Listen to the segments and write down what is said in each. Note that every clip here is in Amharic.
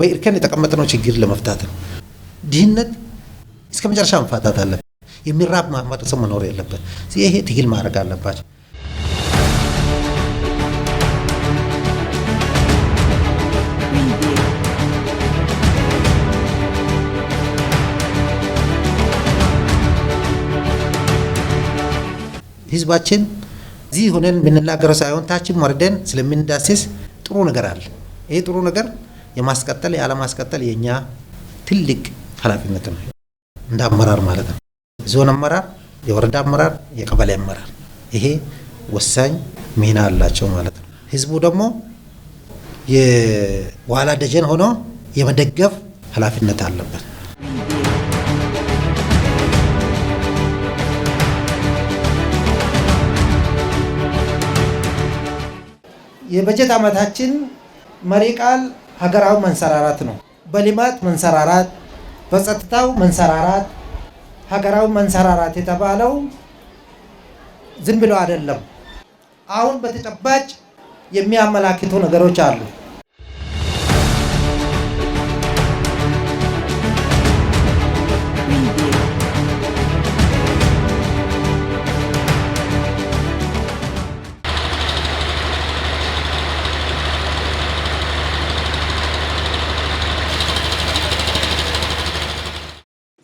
በኢርከን የተቀመጥነው ችግር ለመፍታት ነው። ድህነት እስከ መጨረሻ መፋታት አለበት። የሚራብ ማህበረሰብ መኖር የለበት። ይሄ ትግል ማድረግ አለባቸው። ህዝባችን እዚህ ሆነን የምንናገረው ሳይሆን ታችን ወርደን ስለምንዳስስ ጥሩ ነገር አለ። ይሄ ጥሩ ነገር የማስቀጠል ያለማስቀጠል የእኛ ትልቅ ኃላፊነት ነው፣ እንደ አመራር ማለት ነው። ዞን አመራር፣ የወረዳ አመራር፣ የቀበሌ አመራር ይሄ ወሳኝ ሚና አላቸው ማለት ነው። ህዝቡ ደግሞ የዋላ ደጀን ሆኖ የመደገፍ ኃላፊነት አለበት። የበጀት ዓመታችን መሪ ቃል ሀገራዊ መንሰራራት ነው። በልማት መንሰራራት፣ በጸጥታው መንሰራራት፣ ሀገራዊ መንሰራራት የተባለው ዝም ብለው አይደለም። አሁን በተጨባጭ የሚያመላክቱ ነገሮች አሉ።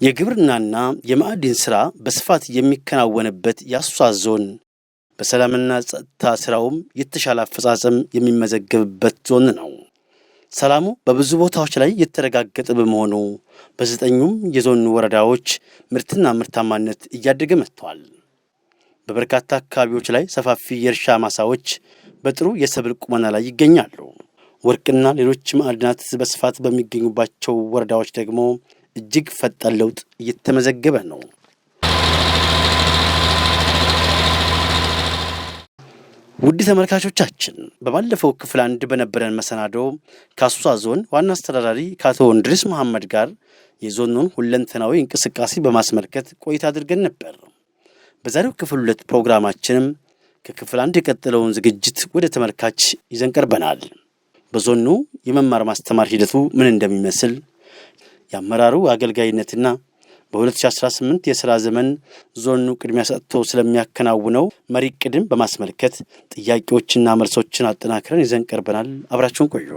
የግብርናና የማዕድን ሥራ በስፋት የሚከናወንበት የአሶሳ ዞን በሰላምና ጸጥታ ሥራውም የተሻለ አፈጻጸም የሚመዘገብበት ዞን ነው። ሰላሙ በብዙ ቦታዎች ላይ የተረጋገጠ በመሆኑ በዘጠኙም የዞን ወረዳዎች ምርትና ምርታማነት እያደገ መጥቷል። በበርካታ አካባቢዎች ላይ ሰፋፊ የእርሻ ማሳዎች በጥሩ የሰብል ቁመና ላይ ይገኛሉ። ወርቅና ሌሎች ማዕድናት በስፋት በሚገኙባቸው ወረዳዎች ደግሞ እጅግ ፈጣን ለውጥ እየተመዘገበ ነው። ውድ ተመልካቾቻችን በባለፈው ክፍል አንድ በነበረን መሰናዶ ከአሶሳ ዞን ዋና አስተዳዳሪ ከአቶ እንድሪስ መሐመድ ጋር የዞኑን ሁለንተናዊ እንቅስቃሴ በማስመልከት ቆይታ አድርገን ነበር። በዛሬው ክፍል ሁለት ፕሮግራማችንም ከክፍል አንድ የቀጠለውን ዝግጅት ወደ ተመልካች ይዘን ቀርበናል። በዞኑ የመማር ማስተማር ሂደቱ ምን እንደሚመስል የአመራሩ አገልጋይነትና በ2018 የሥራ ዘመን ዞኑ ቅድሚያ ሰጥቶ ስለሚያከናውነው መሪ ቅድም በማስመልከት ጥያቄዎችና መልሶችን አጠናክረን ይዘን ቀርበናል። አብራችሁን ቆዩ።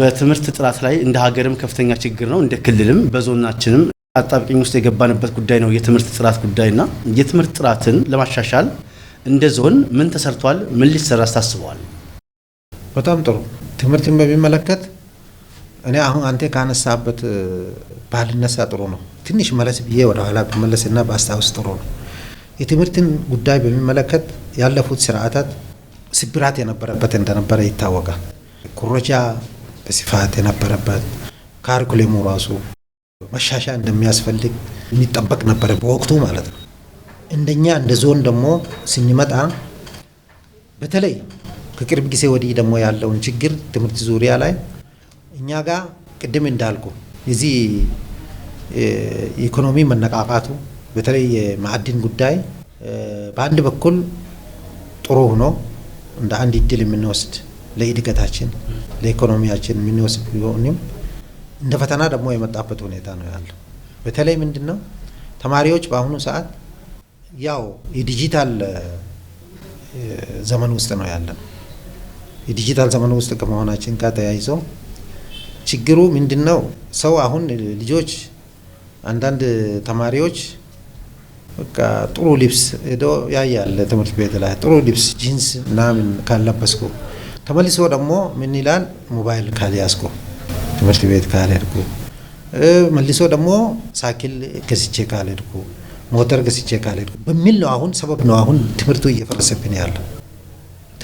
በትምህርት ጥራት ላይ እንደ ሀገርም ከፍተኛ ችግር ነው፣ እንደ ክልልም በዞናችንም አጣብቂኝ ውስጥ የገባንበት ጉዳይ ነው የትምህርት ጥራት ጉዳይና የትምህርት ጥራትን ለማሻሻል እንደ ዞን ምን ተሰርቷል? ምን ሊሰራ ታስበዋል? በጣም ጥሩ። ትምህርትን በሚመለከት እኔ አሁን አንተ ካነሳበት ባልነሳ ጥሩ ነው። ትንሽ መለስ ብዬ ወደኋላ ብመለስና በአስታውስ ጥሩ ነው። የትምህርትን ጉዳይ በሚመለከት ያለፉት ስርዓታት ስብራት የነበረበት እንደነበረ ይታወቃል። ኩረጃ ስፋት የነበረበት ካርኩሌሙ ራሱ መሻሻ እንደሚያስፈልግ የሚጠበቅ ነበረ በወቅቱ ማለት ነው። እንደኛ እንደ ዞን ደግሞ ስንመጣ በተለይ ከቅርብ ጊዜ ወዲህ ደግሞ ያለውን ችግር ትምህርት ዙሪያ ላይ እኛ ጋር ቅድም እንዳልኩ የዚህ የኢኮኖሚ መነቃቃቱ በተለይ የማዕድን ጉዳይ በአንድ በኩል ጥሩ ሆኖ እንደ አንድ እድል የምንወስድ ለእድገታችን ለኢኮኖሚያችን የምንወስድ ቢሆንም እንደ ፈተና ደግሞ የመጣበት ሁኔታ ነው ያለው። በተለይ ምንድን ነው ተማሪዎች በአሁኑ ሰዓት ያው የዲጂታል ዘመን ውስጥ ነው ያለ ነው። የዲጂታል ዘመን ውስጥ ከመሆናችን ጋር ተያይዘው ችግሩ ምንድን ነው? ሰው አሁን ልጆች አንዳንድ ተማሪዎች በቃ ጥሩ ልብስ ሄዶ ያያለ ትምህርት ቤት ላይ ጥሩ ልብስ ጂንስ ምናምን ካለበስኩ ተመልሶ ደግሞ ምን ይላል? ሞባይል ካልያዝኩ ትምህርት ቤት ካልሄድኩ መልሶ ደግሞ ሳይክል ገዝቼ ካልሄድኩ ሞተር ገዝቼ ካልሄድኩ በሚል ነው። አሁን ሰበብ ነው። አሁን ትምህርቱ እየፈረሰብን ያለ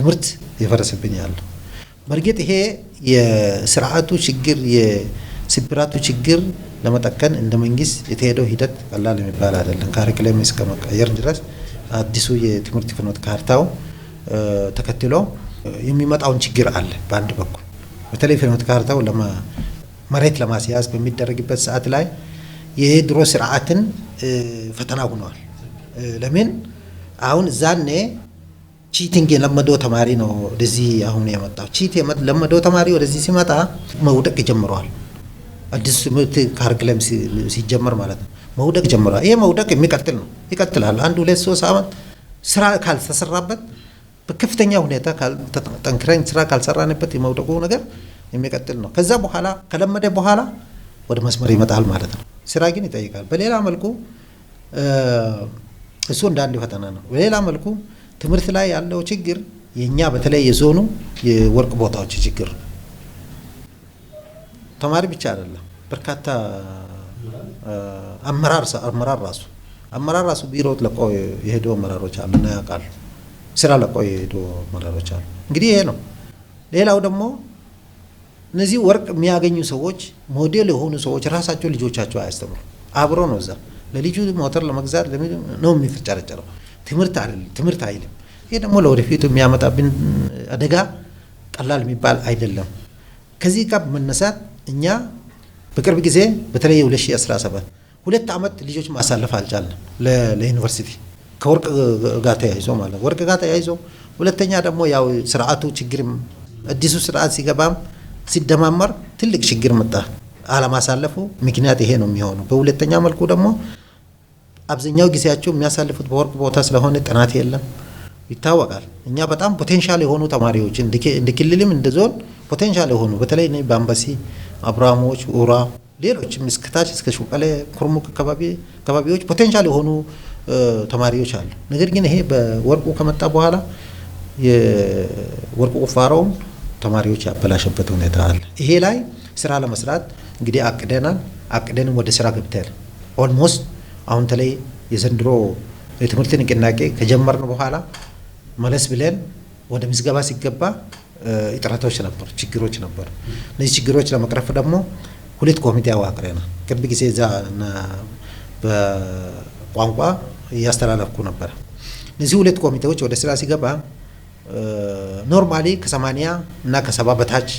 ትምህርት እየፈረሰብን ያለ። በእርግጥ ይሄ የስርዓቱ ችግር የስብራቱ ችግር ለመጠቀን እንደ መንግስት የተሄደው ሂደት ቀላል የሚባል አይደለም። ካሪክለም እስከ መቀየር ድረስ አዲሱ የትምህርት ፍኖት ካርታው ተከትሎ የሚመጣውን ችግር አለ። በአንድ በኩል በተለይ ፍኖተ ካርታው መሬት ለማስያዝ በሚደረግበት ሰዓት ላይ የድሮ ስርዓትን ፈተና ሆነዋል። ለምን አሁን እዛኔ ቺቲንግ የለመደው ተማሪ ነው ወደዚህ አሁን የመጣው። ቺት የለመደው ተማሪ ወደዚህ ሲመጣ መውደቅ ጀምረዋል። አዲስ ትምህርት ካሪኩለም ሲጀመር ማለት ነው መውደቅ ጀምረዋል። ይሄ መውደቅ የሚቀጥል ነው፣ ይቀጥላል። አንድ ሁለት ሶስት ዓመት ስራ ካልተሰራበት በከፍተኛ ሁኔታ ጠንክረን ስራ ካልሰራንበት የመውደቁ ነገር የሚቀጥል ነው። ከዛ በኋላ ከለመደ በኋላ ወደ መስመር ይመጣል ማለት ነው። ስራ ግን ይጠይቃል። በሌላ መልኩ እሱ እንደ አንድ ፈተና ነው። በሌላ መልኩ ትምህርት ላይ ያለው ችግር የእኛ በተለይ የዞኑ የወርቅ ቦታዎች ችግር ነው። ተማሪ ብቻ አይደለም፣ በርካታ አመራር ራሱ አመራር ራሱ ቢሮ ለቀው የሄዱ አመራሮች አሉ እና ያውቃሉ ስራ ለቆ የሄዱ አመራሮች አሉ። እንግዲህ ይሄ ነው። ሌላው ደግሞ እነዚህ ወርቅ የሚያገኙ ሰዎች ሞዴል የሆኑ ሰዎች ራሳቸው ልጆቻቸው አያስተምሩ። አብሮ ነው እዛ ለልጁ ሞተር ለመግዛት ነው የሚፍጨረጨረው። ትምህርት አይደለም፣ ትምህርት አይልም። ይሄ ደግሞ ለወደፊቱ የሚያመጣብን አደጋ ቀላል የሚባል አይደለም። ከዚህ ጋር መነሳት እኛ በቅርብ ጊዜ በተለይ 2017 ሁለት ዓመት ልጆች ማሳለፍ አልቻለም ለዩኒቨርሲቲ ከወርቅ ጋር ተያይዞ ማለት ወርቅ ጋር ተያይዞ ሁለተኛ ደግሞ ያው ስርዓቱ ችግር አዲሱ ስርዓት ሲገባም ሲደማመር ትልቅ ችግር መጣ። አለማሳለፉ ምክንያት ይሄ ነው የሚሆኑ። በሁለተኛ መልኩ ደግሞ አብዛኛው ጊዜያቸው የሚያሳልፉት በወርቅ ቦታ ስለሆነ ጥናት የለም ይታወቃል። እኛ በጣም ፖቴንሻል የሆኑ ተማሪዎች እንደ ክልልም እንደ ዞን ፖቴንሻል የሆኑ በተለይ በአምባሲ፣ አብርሃሞች፣ ኡራ፣ ሌሎችም እስከታች እስከ ሹቀሌ ኩርሙክ አካባቢዎች ፖቴንሻል የሆኑ ተማሪዎች አሉ። ነገር ግን ይሄ በወርቁ ከመጣ በኋላ የወርቁ ቁፋሮውም ተማሪዎች ያበላሸበት ሁኔታ አለ። ይሄ ላይ ስራ ለመስራት እንግዲህ አቅደናል። አቅደንም ወደ ስራ ገብተል ኦልሞስት አሁን ተለይ የዘንድሮ የትምህርት ንቅናቄ ከጀመርን በኋላ መለስ ብለን ወደ ምዝገባ ሲገባ እጥረቶች ነበሩ፣ ችግሮች ነበሩ። እነዚህ ችግሮች ለመቅረፍ ደግሞ ሁለት ኮሚቴ አዋቅረናል። ቅርብ ጊዜ እዛ በቋንቋ እያስተላለፍኩ ነበረ። እነዚህ ሁለት ኮሚቴዎች ወደ ስራ ሲገባ ኖርማሊ ከሰማንያ እና ከሰባ በታች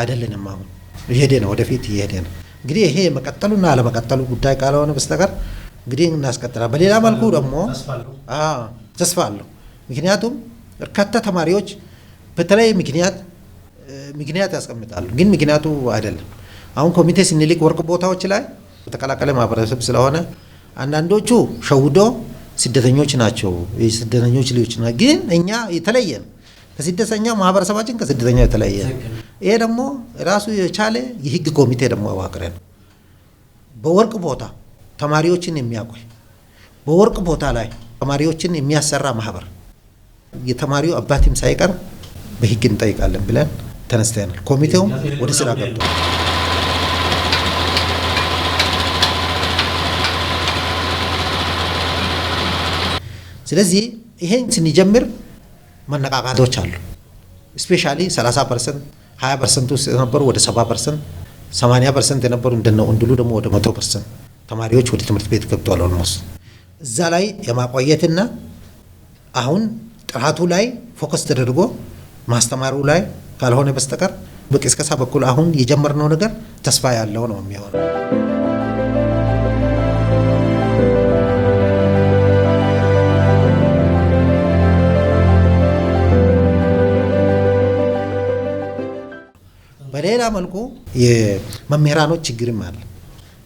አይደለንም። አሁን እየሄደ ነው፣ ወደፊት እየሄደ ነው። እንግዲህ ይሄ የመቀጠሉና አለመቀጠሉ ጉዳይ ካልሆነ በስተቀር እንግዲህ እናስቀጥላል። በሌላ መልኩ ደግሞ ተስፋ አለሁ። ምክንያቱም በርካታ ተማሪዎች በተለይ ምክንያት ምክንያት ያስቀምጣሉ፣ ግን ምክንያቱ አይደለም። አሁን ኮሚቴ ስንልክ ወርቅ ቦታዎች ላይ በተቀላቀለ ማህበረሰብ ስለሆነ አንዳንዶቹ ሸውዶ ስደተኞች ናቸው ስደተኞች ልጆች ና ግን እኛ የተለየ ከስደተኛ ማህበረሰባችን ከስደተኛ የተለየ ይሄ ደግሞ ራሱ የቻለ የህግ ኮሚቴ ደግሞ አዋቅረን በወርቅ ቦታ ተማሪዎችን የሚያቆይ በወርቅ ቦታ ላይ ተማሪዎችን የሚያሰራ ማህበር የተማሪው አባትም ሳይቀር በህግ እንጠይቃለን ብለን ተነስተናል። ኮሚቴውም ወደ ስራ ገብቷል። ስለዚህ ይሄን ስንጀምር መነቃቃቶች አሉ። ስፔሻሊ 30 ፐርሰንት 20 ፐርሰንት ውስጥ የነበሩ ወደ 70 ፐርሰንት 80 ፐርሰንት የነበሩ እንደነ እንድሉ ደግሞ ወደ 100 ፐርሰንት ተማሪዎች ወደ ትምህርት ቤት ገብተዋል። ኦልሞስት እዛ ላይ የማቆየትና አሁን ጥራቱ ላይ ፎከስ ተደርጎ ማስተማሩ ላይ ካልሆነ በስተቀር በቅስቀሳ በኩል አሁን የጀመርነው ነገር ተስፋ ያለው ነው የሚሆነው። በሌላ መልኩ የመምህራኖች ችግርም አለ።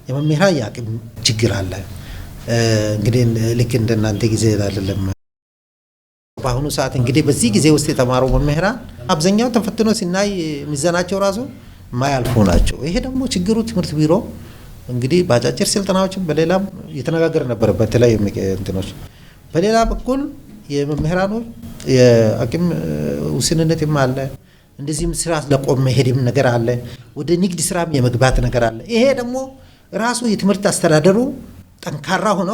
የመምህራን የአቅም ችግር አለ። እንግዲህ ልክ እንደናንተ ጊዜ አይደለም። በአሁኑ ሰዓት እንግዲህ በዚህ ጊዜ ውስጥ የተማሩ መምህራን አብዛኛው ተፈትኖ ሲናይ ሚዘናቸው ራሱ ማያልፉ ናቸው። ይሄ ደግሞ ችግሩ ትምህርት ቢሮ እንግዲህ በአጫጭር ስልጠናዎችን በሌላም የተነጋገር ነበረበት የተለያዩ እንትኖች። በሌላ በኩል የመምህራኖች የአቅም ውስንነትም አለ። እንደዚህም ስራ ለቆም መሄድም ነገር አለ። ወደ ንግድ ስራም የመግባት ነገር አለ። ይሄ ደግሞ ራሱ የትምህርት አስተዳደሩ ጠንካራ ሆኖ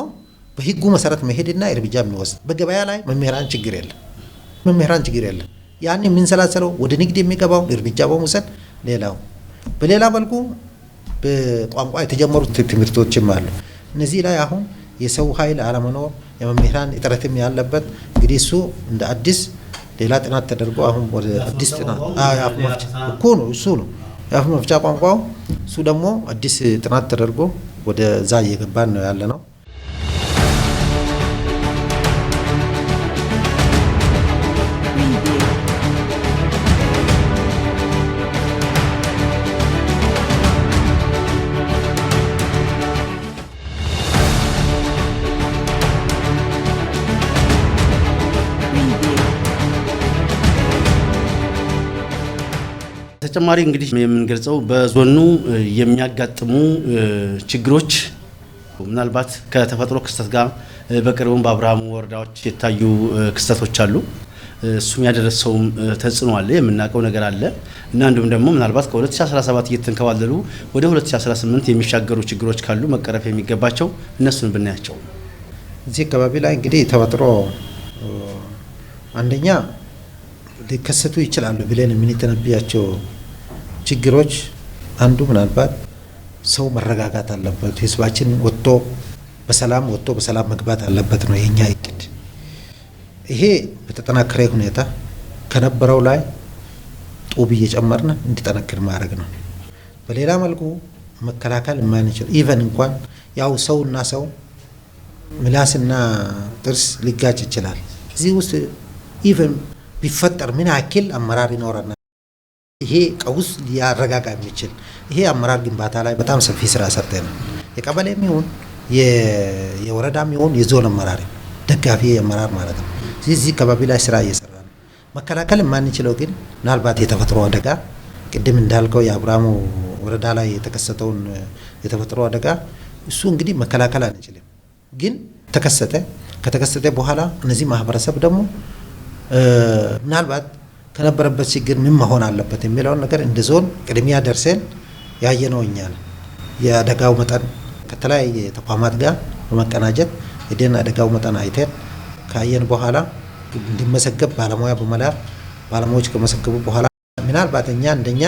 በህጉ መሰረት መሄድና እርምጃ የሚወስድ በገበያ ላይ መምህራን ችግር የለም። መምህራን ችግር የለም። ያን የምንሰላሰለው ወደ ንግድ የሚገባው እርምጃ በመውሰድ ሌላው በሌላ መልኩ በቋንቋ የተጀመሩት ትምህርቶችም አሉ። እነዚህ ላይ አሁን የሰው ኃይል አለመኖር የመምህራን እጥረትም ያለበት እንግዲህ እሱ እንደ አዲስ ሌላ ጥናት ተደርጎ አሁን ወደ አዲስ ጥናት የአፍ መፍቻ እኮ ነው እሱ ነው የአፍ መፍቻ ቋንቋው እሱ ደግሞ አዲስ ጥናት ተደርጎ ወደዛ እየገባን ነው ያለ ነው። በተጨማሪ እንግዲህ የምንገልጸው በዞኑ የሚያጋጥሙ ችግሮች ምናልባት ከተፈጥሮ ክስተት ጋር በቅርቡም በአብርሃሙ ወረዳዎች የታዩ ክስተቶች አሉ። እሱም ያደረሰውም ተጽዕኖ አለ፣ የምናውቀው ነገር አለ እና እንዲሁም ደግሞ ምናልባት ከ2017 እየተንከባለሉ ወደ 2018 የሚሻገሩ ችግሮች ካሉ መቀረፍ የሚገባቸው እነሱን ብናያቸው። እዚህ አካባቢ ላይ እንግዲህ ተፈጥሮ አንደኛ ሊከሰቱ ይችላሉ ብለን የምንተነብያቸው ችግሮች አንዱ ምናልባት ሰው መረጋጋት አለበት። ህዝባችን ወጥቶ በሰላም ወጥቶ በሰላም መግባት አለበት ነው የኛ እቅድ። ይሄ በተጠናከረ ሁኔታ ከነበረው ላይ ጡብ እየጨመርን እንዲጠነክር ማድረግ ነው። በሌላ መልኩ መከላከል የማንችል ኢቨን እንኳን ያው ሰውና ሰው ምላስና ጥርስ ሊጋጭ ይችላል። እዚህ ውስጥ ኢቨን ቢፈጠር ምን ያክል አመራር ይኖረናል? ይሄ ቀውስ ሊያረጋጋ የሚችል ይሄ አመራር ግንባታ ላይ በጣም ሰፊ ስራ ነው። የቀበሌ የሚሆን የወረዳ የሚሆን የዞን አመራር ደጋፊ አመራር ማለት ነው። እዚህ አካባቢ ላይ ስራ እየሰራ ነው። መከላከል የማንችለው ግን ምናልባት የተፈጥሮ አደጋ ቅድም እንዳልከው የአብርሃሙ ወረዳ ላይ የተከሰተውን የተፈጥሮ አደጋ እሱ እንግዲህ መከላከል አንችልም፣ ግን ተከሰተ። ከተከሰተ በኋላ እነዚህ ማህበረሰብ ደግሞ ምናልባት ከነበረበት ችግር ምን መሆን አለበት የሚለውን ነገር እንደ ዞን ቅድሚያ ደርሰን ያየነው እኛ የአደጋው መጠን ከተለያየ ተቋማት ጋር በመቀናጀት የደን አደጋው መጠን አይተን ካየን በኋላ እንዲመዘገብ ባለሙያ በመላክ ባለሙያዎች ከመዘገቡ በኋላ ምናልባት እኛ እንደኛ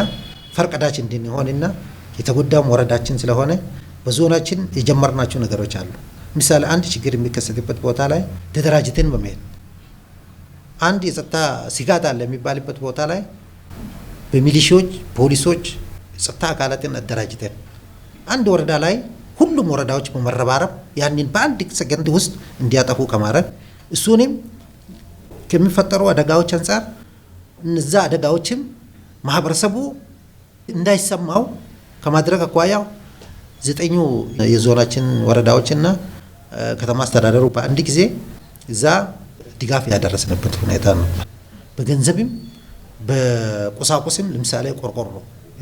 ፈርቀዳች እንድንሆንና የተጎዳም ወረዳችን ስለሆነ በዞናችን የጀመርናቸው ነገሮች አሉ። ምሳሌ አንድ ችግር የሚከሰትበት ቦታ ላይ ተደራጅተን በመሄድ አንድ የጸጥታ ስጋት አለ የሚባልበት ቦታ ላይ በሚሊሺዎች ፖሊሶች፣ ጸጥታ አካላትን አደራጅተን አንድ ወረዳ ላይ ሁሉም ወረዳዎች በመረባረብ ያንን በአንድ ሰገንድ ውስጥ እንዲያጠፉ ከማድረግ እሱንም ከሚፈጠሩ አደጋዎች አንጻር እነዛ አደጋዎችም ማህበረሰቡ እንዳይሰማው ከማድረግ አኳያ ዘጠኙ የዞናችን ወረዳዎችና ከተማ አስተዳደሩ በአንድ ጊዜ እዛ ድጋፍ ያደረስንበት ሁኔታ ነው። በገንዘብም በቁሳቁስም ለምሳሌ ቆርቆሮ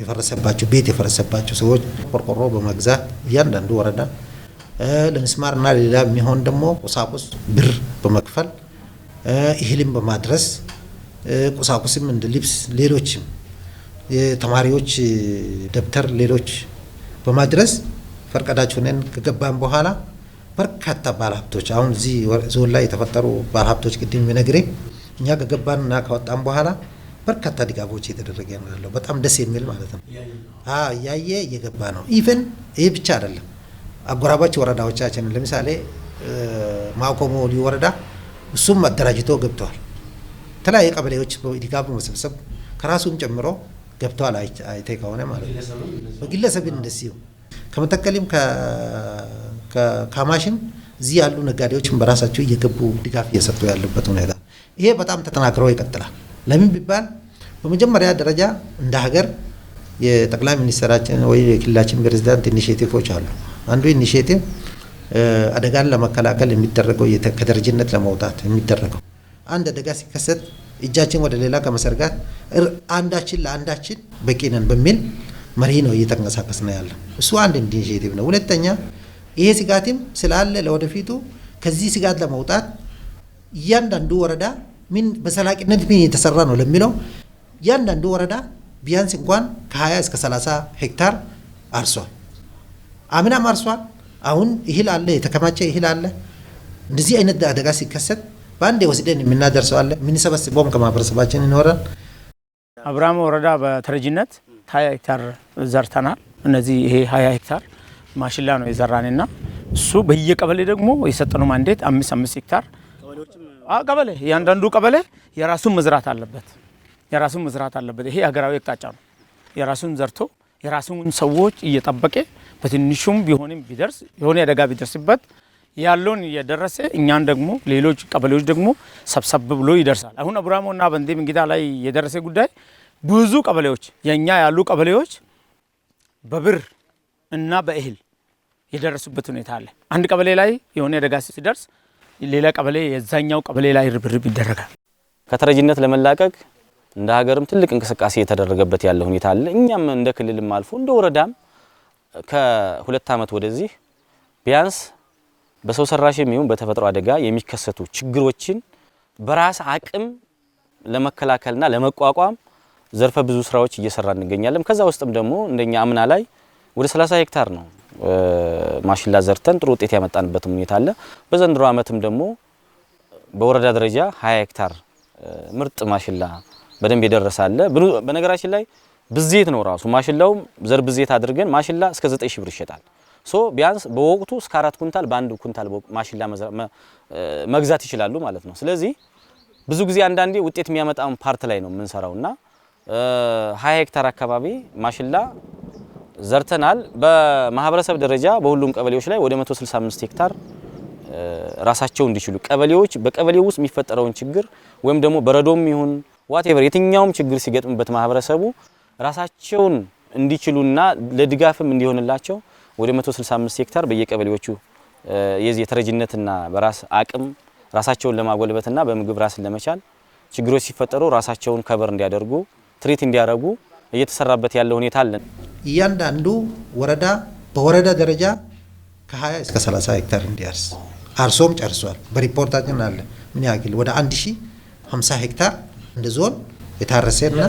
የፈረሰባቸው ቤት የፈረሰባቸው ሰዎች ቆርቆሮ በመግዛት እያንዳንዱ ወረዳ ለምስማር እና ሌላ የሚሆን ደግሞ ቁሳቁስ ብር በመክፈል እህልም በማድረስ ቁሳቁስም እንደ ልብስ፣ ሌሎችም የተማሪዎች ደብተር ሌሎች በማድረስ ፈርቀዳችሁንን ከገባን በኋላ በርካታ ባለሀብቶች አሁን እዚህ ዞን ላይ የተፈጠሩ ባለሀብቶች ቅድም ብነግርህ እኛ ከገባንና ካወጣን በኋላ በርካታ ድጋፎች የተደረገ ነው ያለው። በጣም ደስ የሚል ማለት ነው። እያየ እየገባ ነው። ኢቨን ይህ ብቻ አይደለም። አጎራባች ወረዳዎቻችን ለምሳሌ ማቆሞ ልዩ ወረዳ እሱም አደራጅቶ ገብተዋል። የተለያዩ ቀበሌዎች ድጋፍ መሰብሰብ ከራሱም ጨምሮ ገብተዋል። አይተ ከሆነ ማለት ነው በግለሰብን እንደዚሁ ከመተከልም ከካማሽም እዚህ ያሉ ነጋዴዎችን በራሳቸው እየገቡ ድጋፍ እየሰጡ ያሉበት ሁኔታ ይሄ በጣም ተጠናክሮ ይቀጥላል። ለምን ቢባል በመጀመሪያ ደረጃ እንደ ሀገር የጠቅላይ ሚኒስትራችን ወይ የክልላችን ፕሬዚዳንት ኢኒሽቲቮች አሉ። አንዱ ኢኒሽቲቭ አደጋን ለመከላከል የሚደረገው ከደረጅነት ለመውጣት የሚደረገው አንድ አደጋ ሲከሰት እጃችን ወደ ሌላ ከመሰርጋት አንዳችን ለአንዳችን በቂ ነን በሚል መሪ ነው እየተንቀሳቀስ ነው ያለ። እሱ አንድ ኢኒሽቲቭ ነው። ሁለተኛ ይሄ ስጋትም ስላለ ለወደፊቱ ከዚህ ስጋት ለመውጣት እያንዳንዱ ወረዳ ምን በሰላቂነት ምን የተሰራ ነው ለሚለው እያንዳንዱ ወረዳ ቢያንስ እንኳን ከ20 እስከ 30 ሄክታር አርሷል። አምናም አርሷል። አሁን እህል አለ፣ የተከማቸ እህል አለ። እንደዚህ አይነት አደጋ ሲከሰት በአንድ ወስደን የምናደርሰው አለ፣ የምንሰበስበውም ከማህበረሰባችን ይኖረን። አብርሃም ወረዳ በተረጂነት ሀያ ሄክታር ዘርተናል። እነዚህ ይሄ 20 ሄክታር ማሽላ ነው የዘራንና እሱ በየቀበሌ ደግሞ የሰጠነው ማንዴት አምስት አምስት ሄክታር ቀበሌ እያንዳንዱ ቀበሌ የራሱን መዝራት አለበት። የራሱን መዝራት አለበት። ይሄ ሀገራዊ አቅጣጫ ነው። የራሱን ዘርቶ የራሱን ሰዎች እየጠበቀ በትንሹም ቢሆንም ቢደርስ የሆነ አደጋ ቢደርስበት ያለውን እየደረሰ እኛን ደግሞ ሌሎች ቀበሌዎች ደግሞ ሰብሰብ ብሎ ይደርሳል። አሁን አብራሞና በንዴ እንግዳ ላይ የደረሰ ጉዳይ ብዙ ቀበሌዎች የእኛ ያሉ ቀበሌዎች በብር እና በእህል የደረሱበት ሁኔታ አለ። አንድ ቀበሌ ላይ የሆነ አደጋ ሲደርስ ሌላ ቀበሌ የዛኛው ቀበሌ ላይ ርብርብ ይደረጋል። ከተረጂነት ለመላቀቅ እንደ ሀገርም ትልቅ እንቅስቃሴ የተደረገበት ያለ ሁኔታ አለ። እኛም እንደ ክልልም አልፎ እንደ ወረዳም ከሁለት ዓመት ወደዚህ ቢያንስ በሰው ሰራሽ የሚሆን በተፈጥሮ አደጋ የሚከሰቱ ችግሮችን በራስ አቅም ለመከላከልና ለመቋቋም ዘርፈ ብዙ ስራዎች እየሰራ እንገኛለን። ከዛ ውስጥም ደግሞ እንደኛ አምና ላይ ወደ 30 ሄክታር ነው ማሽላ ዘርተን ጥሩ ውጤት ያመጣንበትም ሁኔታ አለ። በዘንድሮ ዓመትም ደግሞ በወረዳ ደረጃ 20 ሄክታር ምርጥ ማሽላ በደንብ የደረሰ አለ። በነገራችን ላይ ብዜት ነው ራሱ ማሽላውም ዘር ብዜት አድርገን ማሽላ እስከ 9 ሺህ ብር ይሸጣል። ሶ ቢያንስ በወቅቱ እስከ አራት ኩንታል በአንድ ኩንታል ማሽላ መግዛት ይችላሉ ማለት ነው። ስለዚህ ብዙ ጊዜ አንዳንዴ ውጤት የሚያመጣውን ፓርት ላይ ነው የምንሰራውና 20 ሄክታር አካባቢ ማሽላ ዘርተናል። በማህበረሰብ ደረጃ በሁሉም ቀበሌዎች ላይ ወደ 165 ሄክታር ራሳቸው እንዲችሉ ቀበሌዎች በቀበሌው ውስጥ የሚፈጠረውን ችግር ወይም ደግሞ በረዶም ይሁን ዋቴቨር የትኛውም ችግር ሲገጥምበት ማህበረሰቡ ራሳቸውን እንዲችሉና ለድጋፍም እንዲሆንላቸው ወደ 165 ሄክታር በየቀበሌዎቹ የዚህ የተረጅነትና በራስ አቅም ራሳቸውን ለማጎልበትና በምግብ ራስን ለመቻል ችግሮች ሲፈጠሩ ራሳቸውን ከበር እንዲያደርጉ ትሪት እንዲያደርጉ እየተሰራበት ያለ ሁኔታ አለን። እያንዳንዱ ወረዳ በወረዳ ደረጃ ከ20 እስከ 30 ሄክታር እንዲያርስ አርሶም ጨርሷል። በሪፖርታችን አለ ምን ያክል ወደ 1050 ሄክታር እንደ ዞን የታረሰና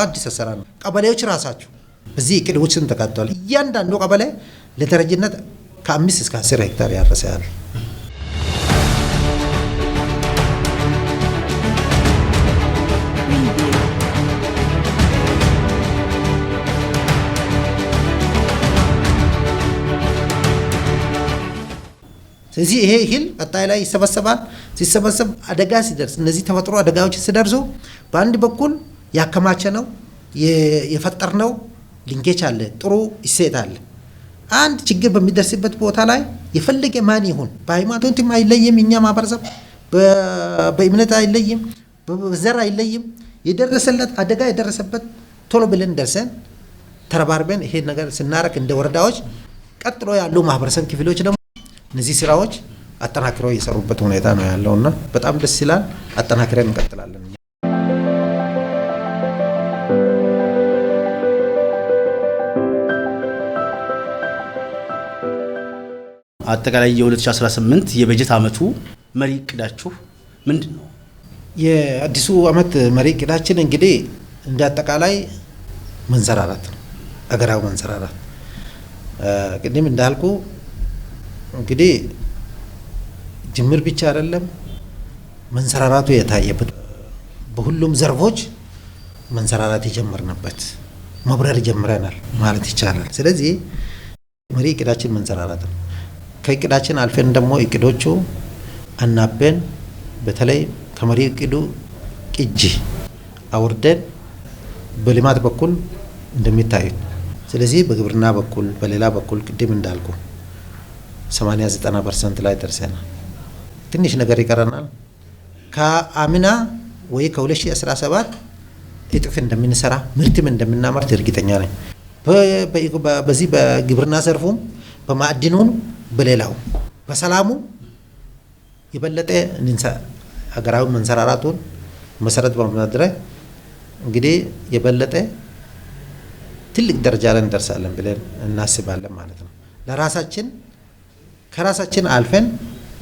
አዲስ አሰራር ነው። ቀበሌዎች ራሳቸው በዚህ እቅድ ውስጥ ተካተዋል። እያንዳንዱ ቀበሌ ለደረጅነት ከአምስት እስከ አስር ሄክታር ያረሰ ያለ ስለዚህ ይሄ ሂል ቀጣይ ላይ ይሰበሰባል። ሲሰበሰብ አደጋ ሲደርስ እነዚህ ተፈጥሮ አደጋዎች ሲደርሱ በአንድ በኩል ያከማቸ ነው የፈጠር ነው ሊንጌች አለ፣ ጥሩ ይሴት አለ። አንድ ችግር በሚደርስበት ቦታ ላይ የፈለገ ማን ይሁን በሃይማኖትም አይለይም፣ እኛ ማህበረሰብ በእምነት አይለይም፣ በዘር አይለይም። የደረሰለት አደጋ የደረሰበት ቶሎ ብለን ደርሰን ተረባርበን ይሄ ነገር ስናረክ እንደ ወረዳዎች ቀጥሎ ያሉ ማህበረሰብ ክፍሎች ደግሞ እነዚህ ስራዎች አጠናክረው የሰሩበት ሁኔታ ነው ያለው እና በጣም ደስ ይላል። አጠናክረን እንቀጥላለን። አጠቃላይ የ2018 የበጀት ዓመቱ መሪ እቅዳችሁ ምንድን ነው? የአዲሱ አመት መሪ እቅዳችን እንግዲህ እንደ አጠቃላይ መንሰራራት ነው፣ አገራዊ መንሰራራት ቅድም እንዳልኩ እንግዲህ ጅምር ብቻ አይደለም መንሰራራቱ የታየበት በሁሉም ዘርፎች መንሰራራት የጀመርንበት መብረር ጀምረናል ማለት ይቻላል። ስለዚህ መሪ እቅዳችን መንሰራራት ነው። ከእቅዳችን አልፈን ደግሞ እቅዶቹ አናበን በተለይ ከመሪ እቅዱ ቅጂ አውርደን በልማት በኩል እንደሚታዩት፣ ስለዚህ በግብርና በኩል በሌላ በኩል ቅድም እንዳልኩ 89 ፐርሰንት ላይ ደርሰናል። ትንሽ ነገር ይቀረናል። ከአምና ወይ ከ2017 እጥፍ እንደምንሰራ ምርትም እንደምናመርት እርግጠኛ ነኝ። በዚህ በግብርና ዘርፉም በማዕድኑም በሌላው በሰላሙ የበለጠ ሀገራዊ መንሰራራቱን መሰረት በማድረግ እንግዲህ የበለጠ ትልቅ ደረጃ ላይ እንደርሳለን ብለን እናስባለን ማለት ነው ለራሳችን ከራሳችን አልፈን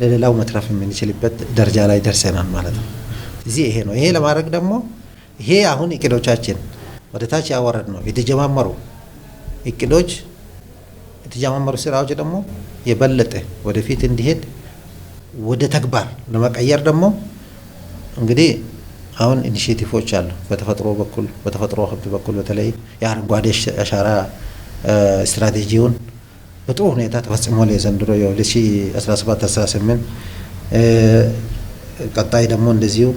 ለሌላው መትረፍ የምንችልበት ደረጃ ላይ ደርሰናል ማለት ነው። እዚህ ይሄ ነው። ይሄ ለማድረግ ደግሞ ይሄ አሁን እቅዶቻችን ወደ ታች ያወረድ ነው የተጀማመሩ እቅዶች የተጀማመሩ ስራዎች ደግሞ የበለጠ ወደፊት እንዲሄድ ወደ ተግባር ለመቀየር ደግሞ እንግዲህ አሁን ኢኒሽቲቮች አሉ። በተፈጥሮ በኩል በተፈጥሮ ሀብት በኩል በተለይ የአረንጓዴ አሻራ ስትራቴጂውን በጥሩ ሁኔታ ተፈጽሟል። የዘንድሮ የ2017/18 ቀጣይ ደግሞ እንደዚሁ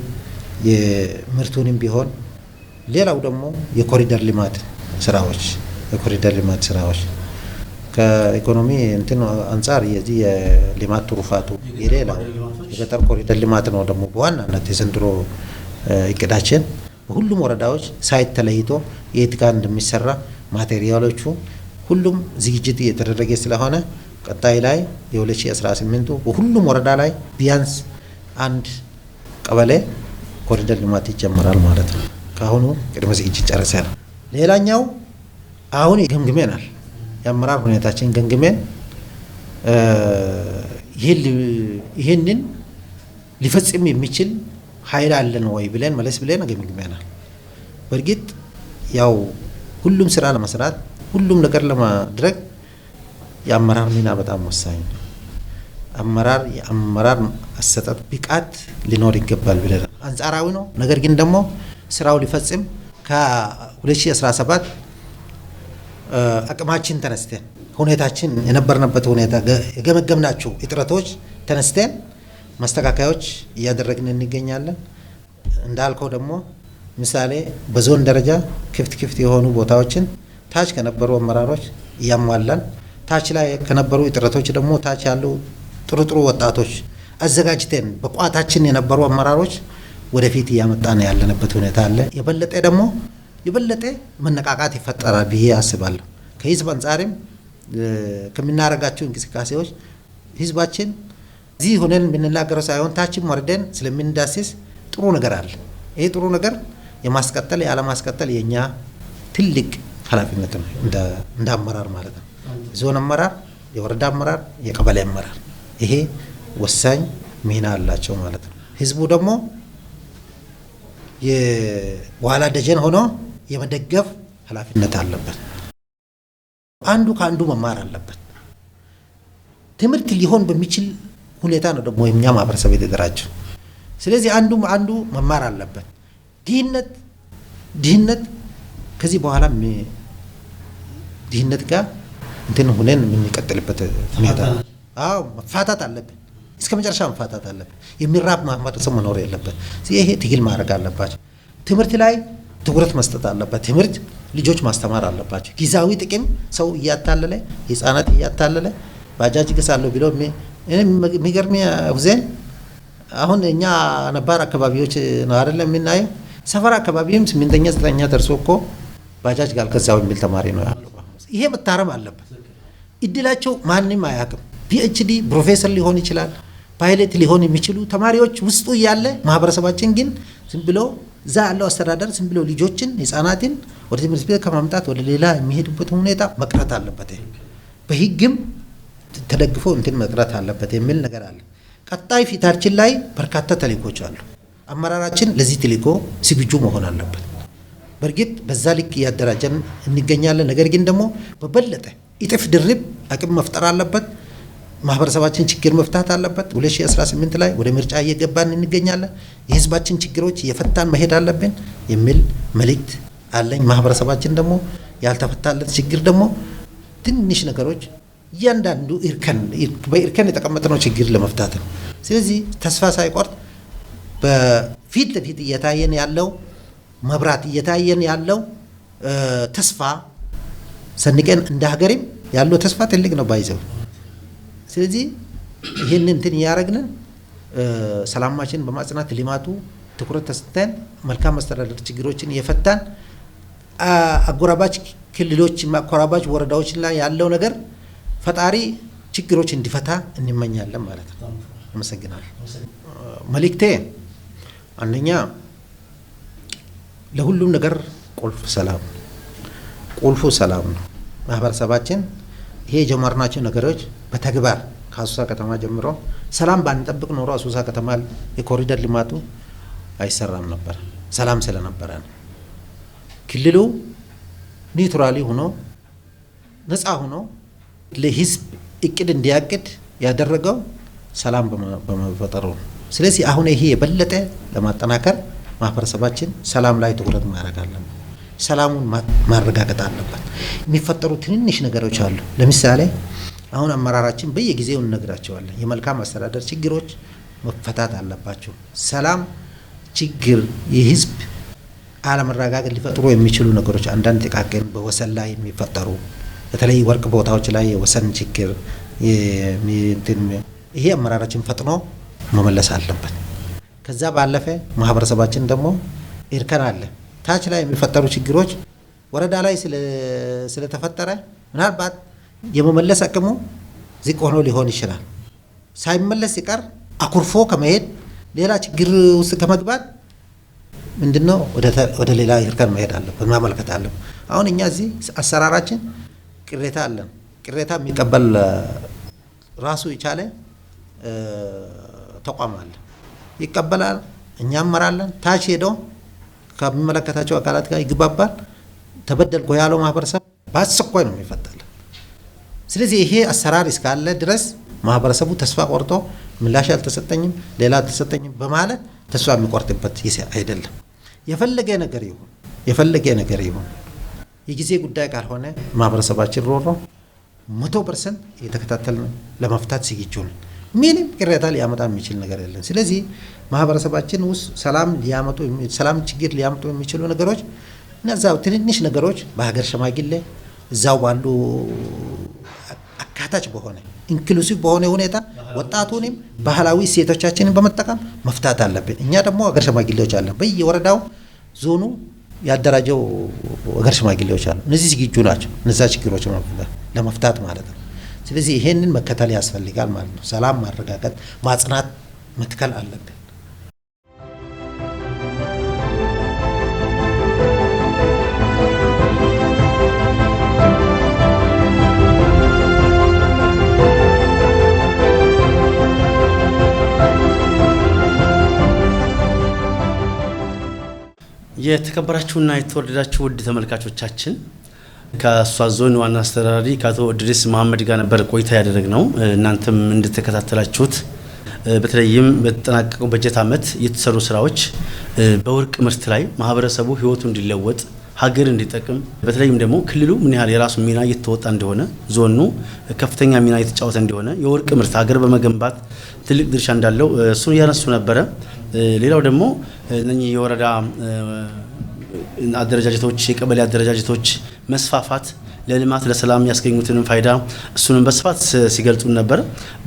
የምርቱንም ቢሆን ሌላው ደግሞ የኮሪደር ልማት ስራዎች የኮሪደር ልማት ስራዎች ከኢኮኖሚ እንትን አንጻር የዚህ የልማት ትሩፋቱ የሌላው የገጠር ኮሪደር ልማት ነው። ደግሞ በዋናነት የዘንድሮ እቅዳችን በሁሉም ወረዳዎች ሳይት ተለይቶ የት ጋር እንደሚሰራ ማቴሪያሎቹ ሁሉም ዝግጅት እየተደረገ ስለሆነ ቀጣይ ላይ የ2018ቱ በሁሉም ወረዳ ላይ ቢያንስ አንድ ቀበሌ ኮሪደር ልማት ይጀመራል ማለት ነው። ከአሁኑ ቅድመ ዝግጅት ነው። ሌላኛው አሁን ገምግሜናል። የአመራር ሁኔታችን ገምግሜን ይህንን ሊፈጽም የሚችል ኃይል አለን ወይ ብለን መለስ ብለን ገምግሜናል። በእርግጥ ያው ሁሉም ስራ ለመስራት ሁሉም ነገር ለማድረግ የአመራር ሚና በጣም ወሳኝ ነው። አመራር የአመራር አሰጠት ብቃት ሊኖር ይገባል ብለናል። አንጻራዊ ነው። ነገር ግን ደግሞ ስራው ሊፈጽም ከ2017 አቅማችን ተነስተን ሁኔታችን የነበርንበት ሁኔታ የገመገምናቸው እጥረቶች ተነስተን ማስተካከያዎች እያደረግን እንገኛለን። እንዳልከው ደግሞ ምሳሌ በዞን ደረጃ ክፍት ክፍት የሆኑ ቦታዎችን ታች ከነበሩ አመራሮች እያሟላን ታች ላይ ከነበሩ ጥረቶች ደግሞ ታች ያሉ ጥሩ ጥሩ ወጣቶች አዘጋጅተን በቋታችን የነበሩ አመራሮች ወደፊት እያመጣን ያለንበት ሁኔታ አለ። የበለጠ ደግሞ የበለጠ መነቃቃት ይፈጠራል ብዬ አስባለሁ። ከህዝብ አንጻርም ከምናደርጋቸው እንቅስቃሴዎች ህዝባችን እዚህ ሆነን የምንናገረው ሳይሆን ታችም ወርደን ስለምንዳስስ ጥሩ ነገር አለ። ይህ ጥሩ ነገር የማስቀጠል የአለማስቀጠል የእኛ ትልቅ ኃላፊነት ነው እንደ አመራር ማለት ነው። የዞን አመራር፣ የወረዳ አመራር፣ የቀበሌ አመራር ይሄ ወሳኝ ሚና አላቸው ማለት ነው። ህዝቡ ደግሞ የኋላ ደጀን ሆኖ የመደገፍ ኃላፊነት አለበት። አንዱ ከአንዱ መማር አለበት። ትምህርት ሊሆን በሚችል ሁኔታ ነው ደግሞ የኛ ማህበረሰብ የተደራጀው። ስለዚህ አንዱ አንዱ መማር አለበት። ድህነት ድህነት ከዚህ በኋላ ድህነት ጋር እንትን ሁነን የምንቀጥልበት ሁኔታ አዎ መፋታት አለብን። እስከ መጨረሻ መፋታት አለብን። የሚራብ ማህበረሰብ መኖር የለበት። ይሄ ትግል ማድረግ አለባቸው። ትምህርት ላይ ትኩረት መስጠት አለበት። ትምህርት ልጆች ማስተማር አለባቸው። ጊዜያዊ ጥቅም ሰው እያታለለ ህፃናት እያታለለ ባጃጅ ገሳለሁ ቢለው የሚገርም ሁዜን አሁን እኛ ነባር አካባቢዎች ነው አይደለም የምናየው። ሰፈር አካባቢም ስምንተኛ ዘጠኛ ደርሶ እኮ ባጃጅ ጋልገዛው የሚል ተማሪ ነው ያለው። ይሄ መታረም አለበት። እድላቸው ማንም አያውቅም። ፒኤችዲ ፕሮፌሰር ሊሆን ይችላል፣ ፓይለት ሊሆን የሚችሉ ተማሪዎች ውስጡ ያለ ማህበረሰባችን ግን ዝም ብሎ እዛ ያለው አስተዳደር ዝም ብሎ ልጆችን ህጻናትን ወደ ትምህርት ቤት ከማምጣት ወደ ሌላ የሚሄዱበትን ሁኔታ መቅረት አለበት። በህግም ተደግፎ እንትን መቅረት አለበት የሚል ነገር አለ። ቀጣይ ፊታችን ላይ በርካታ ተልእኮች አሉ። አመራራችን ለዚህ ተልእኮ ዝግጁ መሆን አለበት። በእርግጥ በዛ ልክ እያደራጀን እንገኛለን። ነገር ግን ደግሞ በበለጠ ኢጥፍ ድርብ አቅም መፍጠር አለበት። ማህበረሰባችን ችግር መፍታት አለበት። 2018 ላይ ወደ ምርጫ እየገባን እንገኛለን። የህዝባችን ችግሮች የፈታን መሄድ አለብን የሚል መልእክት አለኝ። ማህበረሰባችን ደግሞ ያልተፈታለት ችግር ደግሞ ትንሽ ነገሮች እያንዳንዱ እርከን በእርከን የተቀመጥነው ችግር ለመፍታት ነው። ስለዚህ ተስፋ ሳይቆርጥ በፊት ለፊት እየታየን ያለው መብራት እየታየን ያለው ተስፋ ሰንቀን እንደ ሀገሪም ያለው ተስፋ ትልቅ ነው ባይዘው። ስለዚህ ይህን እንትን እያደረግን ሰላማችን በማጽናት ልማቱ ትኩረት ተሰጥተን መልካም መስተዳደር ችግሮችን እየፈታን አጎራባች ክልሎች አጎራባች ወረዳዎች ላይ ያለው ነገር ፈጣሪ ችግሮች እንዲፈታ እንመኛለን ማለት ነው። አመሰግናለሁ። መልእክቴ አንደኛ ለሁሉም ነገር ቁልፍ ሰላም ቁልፉ ሰላም ነው። ማህበረሰባችን ይሄ የጀመርናቸው ነገሮች በተግባር ከአሶሳ ከተማ ጀምሮ ሰላም ባንጠብቅ ኖሮ አሶሳ ከተማ የኮሪደር ልማቱ አይሰራም ነበር። ሰላም ስለነበረ ነው። ክልሉ ኒውትራሊ ሆኖ ነፃ ሆኖ ለህዝብ እቅድ እንዲያቅድ ያደረገው ሰላም በመፈጠሩ ነው። ስለዚህ አሁን ይሄ የበለጠ ለማጠናከር ማህበረሰባችን ሰላም ላይ ትኩረት ማድረግ አለበት። ሰላሙን ማረጋገጥ አለበት። የሚፈጠሩ ትንንሽ ነገሮች አሉ። ለምሳሌ አሁን አመራራችን በየጊዜው እነግራቸዋለን። የመልካም አስተዳደር ችግሮች መፈታት አለባቸው። ሰላም ችግር፣ የህዝብ አለመረጋገጥ ሊፈጥሩ የሚችሉ ነገሮች አንዳንድ ጥቃቅን በወሰን ላይ የሚፈጠሩ በተለይ ወርቅ ቦታዎች ላይ የወሰን ችግር ይሄ አመራራችን ፈጥኖ መመለስ አለበት። ከዛ ባለፈ ማህበረሰባችን ደግሞ እርከን አለ። ታች ላይ የሚፈጠሩ ችግሮች ወረዳ ላይ ስለተፈጠረ ምናልባት የመመለስ አቅሙ ዝቅ ሆኖ ሊሆን ይችላል። ሳይመለስ ሲቀር አኩርፎ ከመሄድ ሌላ ችግር ውስጥ ከመግባት ምንድነው ወደ ሌላ እርከን መሄድ አለበት፣ ማመልከት አለበት። አሁን እኛ እዚህ አሰራራችን ቅሬታ አለን። ቅሬታ የሚቀበል ራሱ የቻለ ተቋም አለ። ይቀበላል። እኛ እመራለን። ታች ሄደው ከሚመለከታቸው አካላት ጋር ይግባባል። ተበደልኩ ያለው ማህበረሰብ በአስቸኳይ ነው የሚፈታል። ስለዚህ ይሄ አሰራር እስካለ ድረስ ማህበረሰቡ ተስፋ ቆርጦ ምላሽ አልተሰጠኝም፣ ሌላ አልተሰጠኝም በማለት ተስፋ የሚቆርጥበት አይደለም። የፈለገ ነገር ይሁን የፈለገ ነገር ይሁን የጊዜ ጉዳይ ካልሆነ ማህበረሰባችን ሮሮ መቶ ፐርሰንት የተከታተልን ለመፍታት ዝግጁ ነን። ምንም ቅሬታ ሊያመጣ የሚችል ነገር የለም። ስለዚህ ማህበረሰባችን ውስጥ ሰላም ሊያመጡ ሰላም ችግር ሊያመጡ የሚችሉ ነገሮች እነዛው ትንንሽ ነገሮች በሀገር ሽማግሌ እዛው ባሉ አካታች በሆነ ኢንክሉሲቭ በሆነ ሁኔታ ወጣቱንም ባህላዊ እሴቶቻችንን በመጠቀም መፍታት አለብን። እኛ ደግሞ ሀገር ሽማግሌዎች አለን። በየወረዳው ዞኑ ያደራጀው ሀገር ሽማግሌዎች አሉ። እነዚህ ዝግጁ ናቸው። እነዛ ችግሮች ለመፍታት ማለት ነው። ስለዚህ ይሄንን መከተል ያስፈልጋል ማለት ነው። ሰላም ማረጋገጥ፣ ማጽናት፣ መትከል አለብን። የተከበራችሁና የተወደዳችሁ ውድ ተመልካቾቻችን ከእሷ ዞን ዋና አስተዳዳሪ ከአቶ ድሪስ መሀመድ ጋር ነበር ቆይታ ያደረግ ነው። እናንተም እንድትከታተላችሁት በተለይም በተጠናቀቀው በጀት ዓመት የተሰሩ ስራዎች በወርቅ ምርት ላይ ማህበረሰቡ ህይወቱ እንዲለወጥ ሀገር እንዲጠቅም በተለይም ደግሞ ክልሉ ምን ያህል የራሱ ሚና እየተወጣ እንደሆነ ዞኑ ከፍተኛ ሚና እየተጫወተ እንደሆነ የወርቅ ምርት ሀገር በመገንባት ትልቅ ድርሻ እንዳለው እሱን እያነሱ ነበረ። ሌላው ደግሞ እነኚህ የወረዳ አደረጃጀቶች፣ የቀበሌ አደረጃጀቶች መስፋፋት ለልማት ለሰላም ያስገኙትንም ፋይዳ እሱንም በስፋት ሲገልጹን ነበር።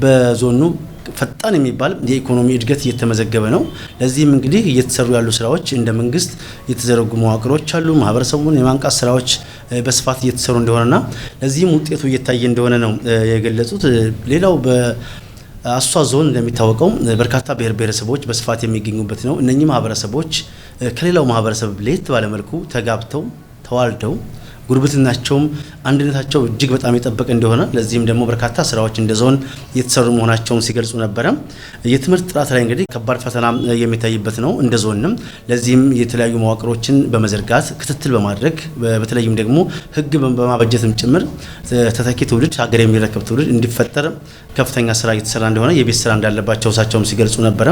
በዞኑ ፈጣን የሚባል የኢኮኖሚ እድገት እየተመዘገበ ነው። ለዚህም እንግዲህ እየተሰሩ ያሉ ስራዎች እንደ መንግስት የተዘረጉ መዋቅሮች አሉ። ማህበረሰቡን የማንቃት ስራዎች በስፋት እየተሰሩ እንደሆነና ለዚህም ውጤቱ እየታየ እንደሆነ ነው የገለጹት። ሌላው አሷ ዞን እንደሚታወቀው በርካታ ብሔር ብሔረሰቦች በስፋት የሚገኙበት ነው። እነኚህ ማህበረሰቦች ከሌላው ማህበረሰብ ለየት ባለመልኩ ተጋብተው ተዋልደው ጉርብትናቸውም አንድነታቸው እጅግ በጣም የጠበቀ እንደሆነ ለዚህም ደግሞ በርካታ ስራዎች እንደ ዞን እየተሰሩ መሆናቸውን ሲገልጹ ነበረ። የትምህርት ጥራት ላይ እንግዲህ ከባድ ፈተና የሚታይበት ነው እንደ ዞንም። ለዚህም የተለያዩ መዋቅሮችን በመዘርጋት ክትትል በማድረግ በተለይም ደግሞ ህግ በማበጀትም ጭምር ተተኪ ትውልድ ሀገር የሚረከብ ትውልድ እንዲፈጠር ከፍተኛ ስራ እየተሰራ እንደሆነ የቤት ስራ እንዳለባቸው እሳቸውም ሲገልጹ ነበረ።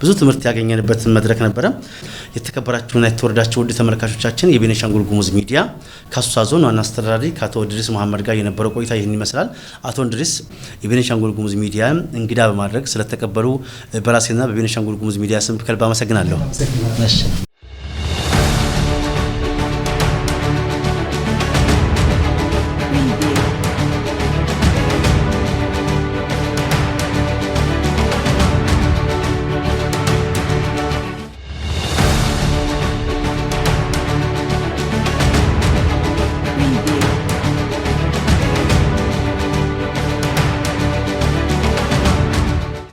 ብዙ ትምህርት ያገኘንበት መድረክ ነበረ። የተከበራችሁና የተወረዳቸው ውድ ተመልካቾቻችን የቤኒሻንጉል ጉሙዝ ሚዲያ ከአሶሳ ዞን ዋና አስተዳዳሪ ከአቶ እንድሪስ መሀመድ ጋር የነበረው ቆይታ ይህን ይመስላል። አቶ እንድሪስ የቤኒሻንጉል ጉሙዝ ሚዲያ እንግዳ በማድረግ ስለተቀበሉ በራሴና በቤኒሻንጉል ጉሙዝ ሚዲያ ስም ከልብ አመሰግናለሁ።